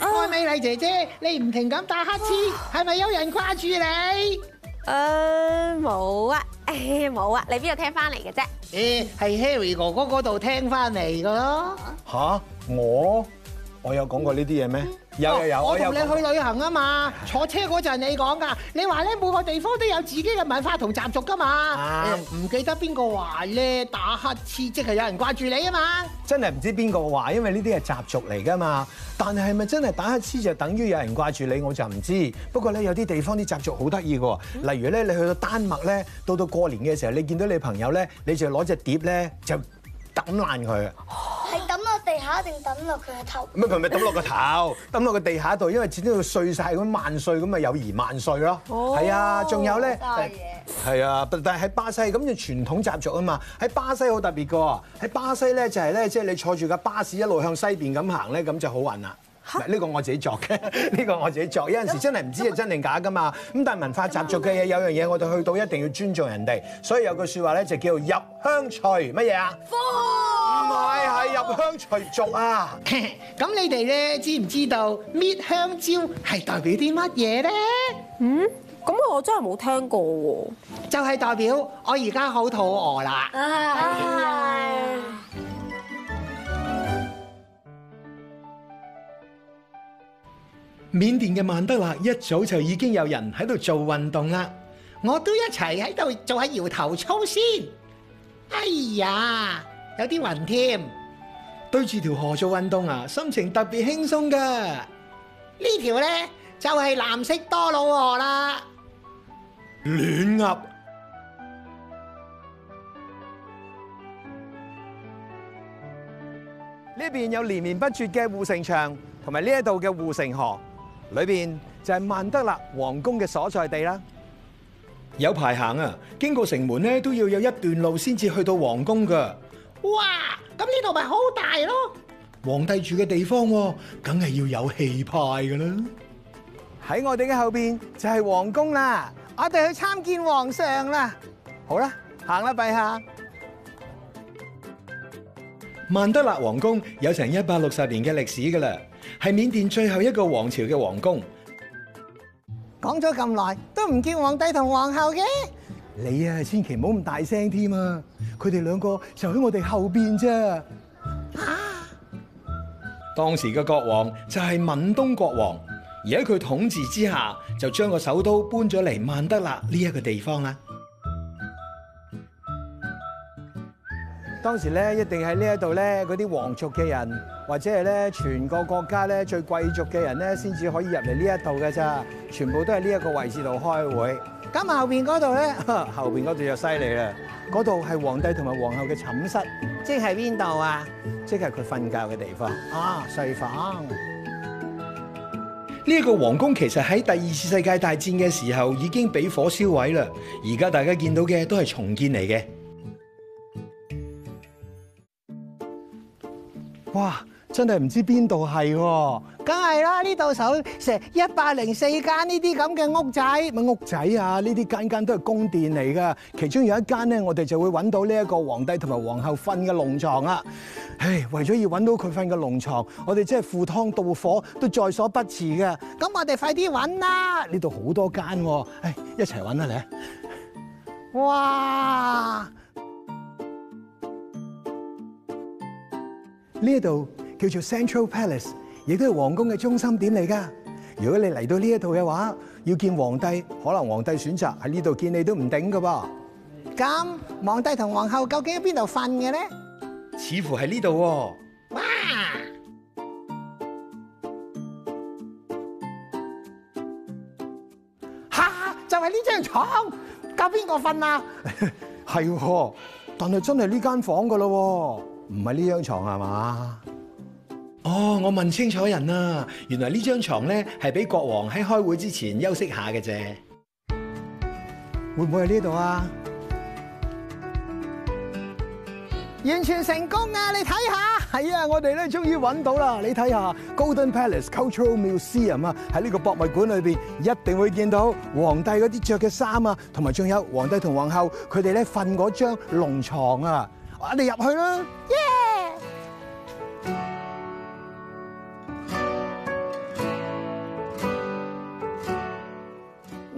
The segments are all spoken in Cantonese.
愛美麗姐姐，你唔停咁打乞嗤，係咪？啊，有人掛住你？誒、呃，冇啊，誒，冇啊，你邊度聽翻嚟嘅啫？誒、呃，係 Harry 哥哥嗰度聽翻嚟噶咯。吓、啊，我？我有講過呢啲嘢咩？有有我有，我同你去旅行啊嘛，坐車嗰陣你講噶，你話咧每個地方都有自己嘅文化同習俗噶嘛。唔、嗯嗯、記得邊個話咧打乞嗤即係有人掛住你啊嘛？真係唔知邊個話，因為呢啲係習俗嚟噶嘛。但係咪真係打乞嗤就等於有人掛住你，我就唔知。不過咧，有啲地方啲習俗好得意嘅喎，例如咧你去到丹麥咧，到到過年嘅時候，你見到你朋友咧，你就攞隻碟咧就抌爛佢。係抌、啊。地下定抌落佢個頭？唔係佢咪抌落個頭，抌落個地下度，因為始終碎晒，咁，萬歲咁咪友誼萬歲咯。係啊、哦，仲有咧，係啊瓜，但係喺巴西咁就傳統習俗啊嘛。喺巴西好特別個，喺巴西咧就係、是、咧，即、就、係、是、你坐住架巴士一路向西邊咁行咧，咁就好運啦。呢蛤、這個我自己作嘅，呢、這個我自己作。有陣時真係唔知真定麼假噶嘛。咁但係文化習俗嘅嘢有樣嘢，我哋去到一定要尊重人哋。所以有句説話咧，就叫做「入鄉隨乜嘢啊？係係入鄉隨俗啊！咁你哋咧知唔知道搣香蕉係代表啲乜嘢咧？嗯？咁我真係冇聽過喎。就係、是、代表我而家好肚餓啦。緬甸嘅曼德勒一早就已經有人喺度做運動啦。我都一齊喺度做下搖頭操先。哎呀！有啲雲添，對住條河做運動啊，心情特別輕鬆㗎。呢條咧就係藍色多瑙河啦。亂噏。呢邊有連綿不絕嘅護城牆，同埋呢一度嘅護城河，裏邊就係曼德勒皇宮嘅所在地啦。有排行啊，經過城門咧都要有一段路先至去到皇宮㗎。哇！咁呢度咪好大咯！皇帝住嘅地方，梗係要有氣派噶啦。喺我哋嘅後邊就係皇宮啦，我哋去參見皇上啦。好啦，行啦，陛下。曼德勒皇宮有成一百六十年嘅歷史噶啦，係緬甸最後一個王朝嘅皇宮。講咗咁耐，都唔見皇帝同皇后嘅。你啊，千祈唔好咁大聲添啊！佢哋兩個就喺我哋後邊啫。當時嘅國王就係敏東國王，而喺佢統治之下，就將個首都搬咗嚟曼德勒呢一個地方啦。當時咧一定喺呢一度咧，嗰啲皇族嘅人或者係咧全個國家咧最貴族嘅人咧，先至可以入嚟呢一度嘅咋。全部都喺呢一個位置度開會。咁後邊嗰度咧，後邊嗰度就犀利啦。嗰度係皇帝同埋皇后嘅寢室，即係邊度啊？即係佢瞓覺嘅地方啊，哦、睡房。呢一個皇宮其實喺第二次世界大戰嘅時候已經俾火燒毀啦，而家大家見到嘅都係重建嚟嘅。哇！真係唔知邊度係喎，梗係啦！呢度有成一百零四間呢啲咁嘅屋仔，乜屋仔啊！呢啲間間都係宮殿嚟㗎。其中有一間咧，我哋就會揾到呢一個皇帝同埋皇后瞓嘅龍床啦。唉，為咗要揾到佢瞓嘅龍床，我哋真係赴湯蹈火都在所不辭㗎。咁我哋快啲揾啦！呢度好多間喎、哦，唉，一齊揾啦你。哇！呢度。叫做 Central Palace，亦都係皇宮嘅中心點嚟噶。如果你嚟到呢一度嘅話，要見皇帝，可能皇帝選擇喺呢度見你都唔定噶噃。咁皇帝同皇后究竟喺邊度瞓嘅咧？似乎喺呢度喎。哇！嚇、啊！就係、是、呢張床？教邊個瞓啊？係、 啊，但係真係呢間房噶咯、啊，唔係呢張床係嘛？哦，oh, 我問清楚人啦。原來呢張床咧係俾國王喺開會之前休息下嘅啫。會唔會喺呢度啊？完全成功啊！你睇下，係啊，我哋咧終於揾到啦！你睇下，Golden Palace Cultural Museum 啊，喺呢個博物館裏面，一定會見到皇帝嗰啲着嘅衫啊，同埋仲有皇帝同皇后佢哋咧瞓嗰張龍床啊！我哋入去啦。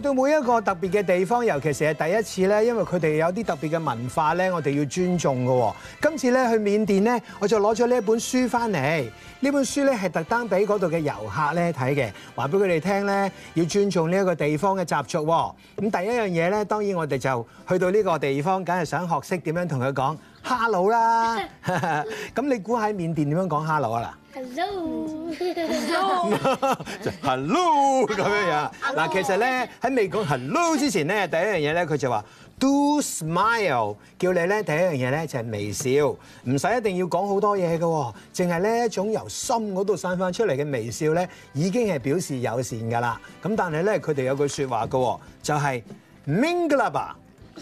去到每一個特別嘅地方，尤其是係第一次咧，因為佢哋有啲特別嘅文化咧，我哋要尊重嘅。今次咧去緬甸咧，我就攞咗呢一本書返嚟。呢本書咧係特登俾嗰度嘅遊客咧睇嘅，話俾佢哋聽咧，要尊重呢一個地方嘅習俗。咁第一樣嘢咧，當然我哋就去到呢個地方，梗係想學識點樣同佢講。Hello 啦，咁 你估喺緬甸點樣講 hello 啊啦？Hello，hello hello 咁樣樣。嗱，hello, 其實咧喺 hello 未講 hello 之前咧， 第一樣嘢咧佢就話 do smile，叫你咧第一樣嘢咧就係微笑，唔使一定要講好多嘢嘅，淨係呢一種由心嗰度散翻出嚟嘅微笑咧，已經係表示友善㗎啦。咁但係咧佢哋有句説話嘅，就係、是、Mingalaba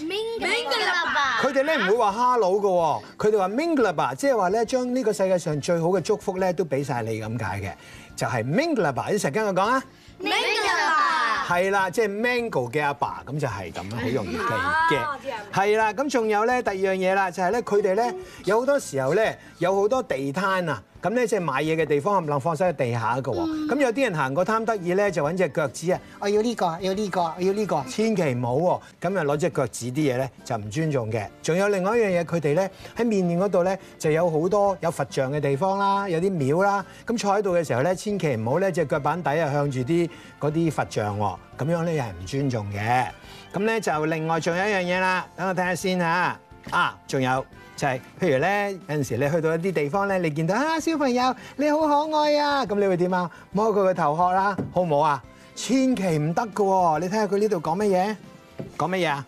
Mingler 爸佢哋咧唔會話哈佬嘅，佢哋話 Mingler 爸，即係話咧將呢個世界上最好嘅祝福咧都俾晒你咁解嘅，就係 Mingler 爸，一齊跟我講啊，Mingler 爸，係啦，即係 Mango 嘅阿爸，咁就係咁啦，好容易記嘅，係啦 M ingo.，咁仲有咧第二樣嘢啦，就係咧佢哋咧有好多時候咧有好多地攤啊。咁咧即係買嘢嘅地方，唔能放晒喺地下嘅，嗯嗯。咁有啲人行過貪得意咧，就揾隻腳趾啊！我要呢個，要呢個，我要呢、呢個。要呢個，千祈唔好喎，咁啊攞隻腳趾啲嘢咧就唔尊重嘅。仲有另外一樣嘢，佢哋咧喺面面嗰度咧就有好多有佛像嘅地方啦，有啲廟啦。咁坐喺度嘅時候咧，千祈唔好咧隻腳板底啊向住啲嗰啲佛像喎，咁樣咧又係唔尊重嘅。咁咧就另外仲有一樣嘢啦，等我睇下先吓啊，仲有。就係、是，譬如咧有陣時你去到一啲地方咧，你見到啊，小朋友你好可愛啊，咁你會點啊？摸佢個頭殼啦，好唔好啊？千祈唔得㗎喎！你睇下佢呢度講乜嘢？講乜嘢啊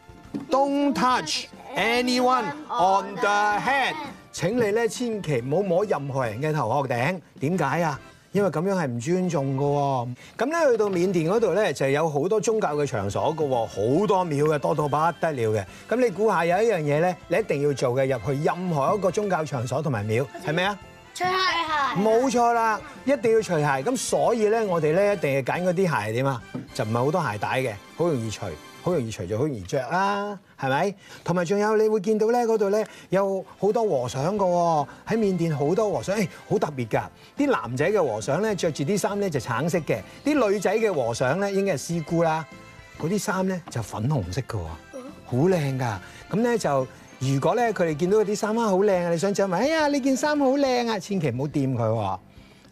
？Don't touch anyone on the head。請你咧千祈唔好摸任何人嘅頭殼頂。點解啊？因為咁樣係唔尊重噶喎，咁咧去到緬甸嗰度咧就係有好多宗教嘅場所噶喎，好多廟嘅多到不得了嘅。咁你估下有一樣嘢咧，你一定要做嘅，入去任何一個宗教場所同埋廟係咪啊？除鞋鞋。冇錯啦，一定要除鞋。咁所以咧，我哋咧一定係揀嗰啲鞋點啊？就唔係好多鞋帶嘅，好容易除。好容易除咗，好容易着啦，係咪？同埋仲有你會見到咧，嗰度咧有好多和尚㗎喎，喺緬甸好多和尚，誒好特別㗎。啲男仔嘅和尚咧着住啲衫咧就橙色嘅，啲女仔嘅和尚咧應該係師姑啦，嗰啲衫咧就粉紅色㗎喎，好靚㗎。咁咧就如果咧佢哋見到啲衫啱好靚啊，你想請埋，哎呀呢件衫好靚啊，千祈唔好掂佢。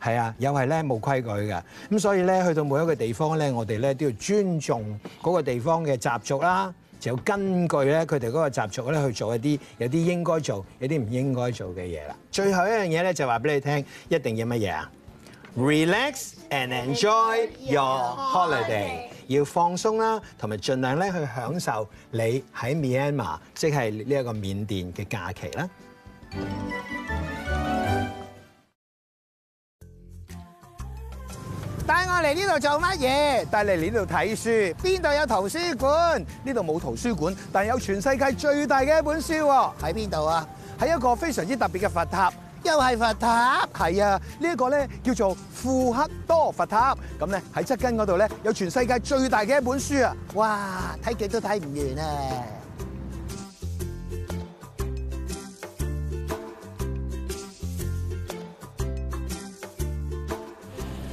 係啊，又係咧冇規矩嘅，咁所以咧去到每一個地方咧，我哋咧都要尊重嗰個地方嘅習俗啦，就要根據咧佢哋嗰個習俗咧去做一啲有啲應該做、有啲唔應該做嘅嘢啦。最後一樣嘢咧就話俾你聽，一定要乜嘢啊？Relax and enjoy your holiday，要放鬆啦，同埋盡量咧去享受你喺 Myanmar，即係呢一個緬甸嘅假期啦。帶我嚟呢度做乜嘢？帶你嚟呢度睇書，邊度有圖書館？呢度冇圖書館，但係有全世界最大嘅一本書喎。喺邊度啊？喺一個非常之特別嘅佛、佛塔，又係佛塔。係啊，呢一個咧叫做庫克多佛塔。咁咧喺側根嗰度咧有全世界最大嘅一本書啊！哇，睇極都睇唔完啊！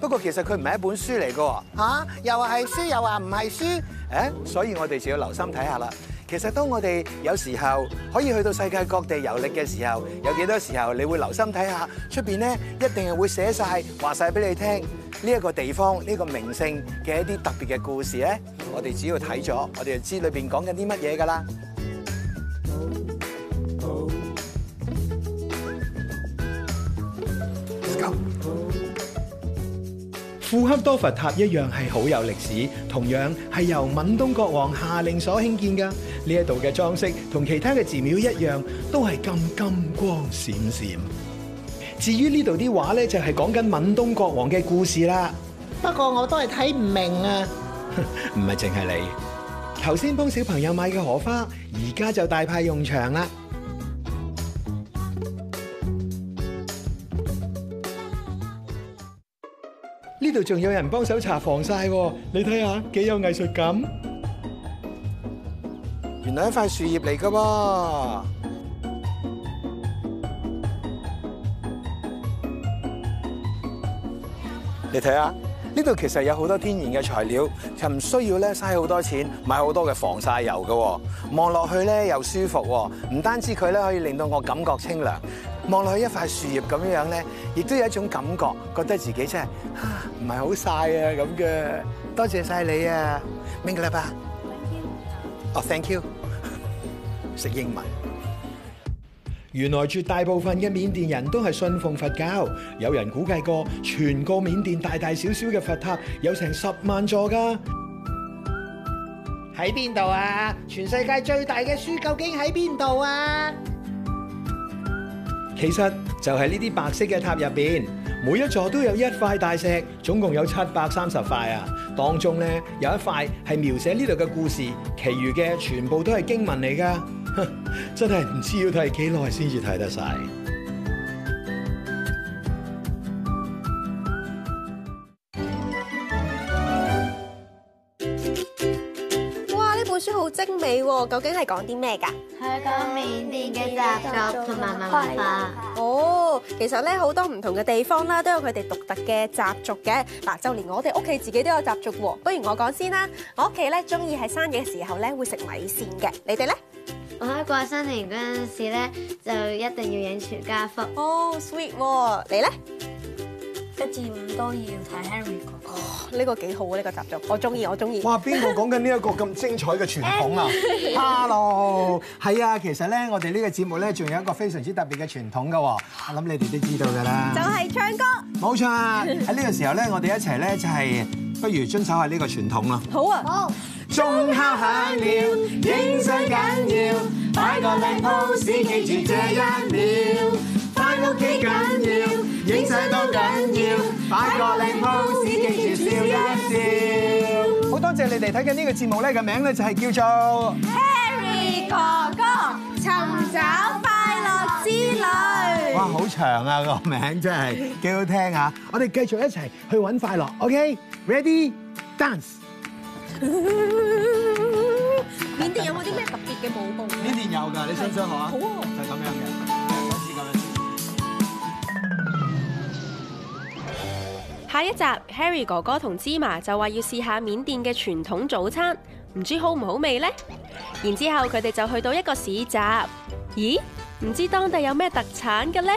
不過其實佢唔係一本書嚟嘅，嚇又話係書，又話唔係書，誒，所以我哋就要留心睇下啦。其實當我哋有時候可以去到世界各地遊歷嘅時候，有幾多時候你會留心睇下出邊咧，一定係會寫晒話晒俾你聽呢一個地方呢、呢個名勝嘅一啲特別嘅故事咧。我哋只要睇咗，我哋就知裏邊講緊啲乜嘢㗎啦。富克多佛塔一樣係好有歷史，同樣係由敏東國王下令所興建噶。呢一度嘅裝飾同其他嘅寺廟一樣，都係咁金,金光閃閃。至於呢度啲畫咧，就係講緊敏東國王嘅故事啦。不過我都係睇唔明啊。唔係淨係你，頭先幫小朋友買嘅荷花，而家就大派用場啦。呢度仲有人幫手搽防晒，你睇下幾有藝術感。原來係一塊樹葉嚟噶噃，你睇下呢度其實有好多天然嘅材料，就唔需要咧嘥好多錢買好多嘅防晒油噶。望落去咧又舒服，唔單止佢咧可以令到我感覺清涼。望落去一塊樹葉咁樣樣咧，亦都有一種感覺，覺得自己真係唔係好晒啊咁嘅。多謝晒你啊，明白吧？哦，thank you。食英文。原來絕大部分嘅緬甸人都係信奉佛教。有人估計過，全個緬甸大大小小嘅佛塔有成十萬座㗎。喺邊度啊？全世界最大嘅書究竟喺邊度啊？其實就係呢啲白色嘅塔入邊，每一座都有一塊大石，總共有七百三十塊啊！當中咧有一塊係描寫呢度嘅故事，其餘嘅全部都係經文嚟噶，真係唔知要睇幾耐先至睇得晒。好精美喎！究竟係講啲咩㗎？係講緬甸嘅習俗同埋文化。文化哦，其實咧好多唔同嘅地方啦，都有佢哋獨特嘅習俗嘅。嗱，就連我哋屋企自己都有習俗喎。不如我講先啦。我屋企咧鍾意喺生日嘅時候咧會食米線嘅。你哋咧？我喺過新年嗰陣時咧，就一定要影全家福。哦 sweet 喎！你咧？一至五都要睇 Harry 嘅，呢個幾好啊！呢個習俗，我中意，我中意。哇！邊個講緊呢一個咁精彩嘅傳統啊？Hello，係啊，其實咧，我哋呢個節目咧，仲有一個非常之特別嘅傳統㗎喎，我諗你哋都知道㗎啦，就係唱歌，冇錯啊！喺呢個時候咧，我哋一齊咧就係，不如遵守下呢個傳統啊。好啊，好。鐘敲響了，影相緊要，擺個靚 pose 記住這一秒。你哋睇緊呢個節目咧，個名咧就係叫做 Harry 哥哥尋找快樂之旅。哇！好長啊個名字真，真係幾好聽啊！我哋繼續一齊去揾快樂。OK，Ready，dance？緬甸有冇啲咩特別嘅舞步？緬甸有㗎，你想唔想學啊？好啊，就係咁樣嘅。下一集，Harry 哥哥同芝麻就話要試下緬甸嘅傳統早餐，唔知好唔好味呢？然之後佢哋就去到一個市集，咦？唔知當地有咩特產嘅呢？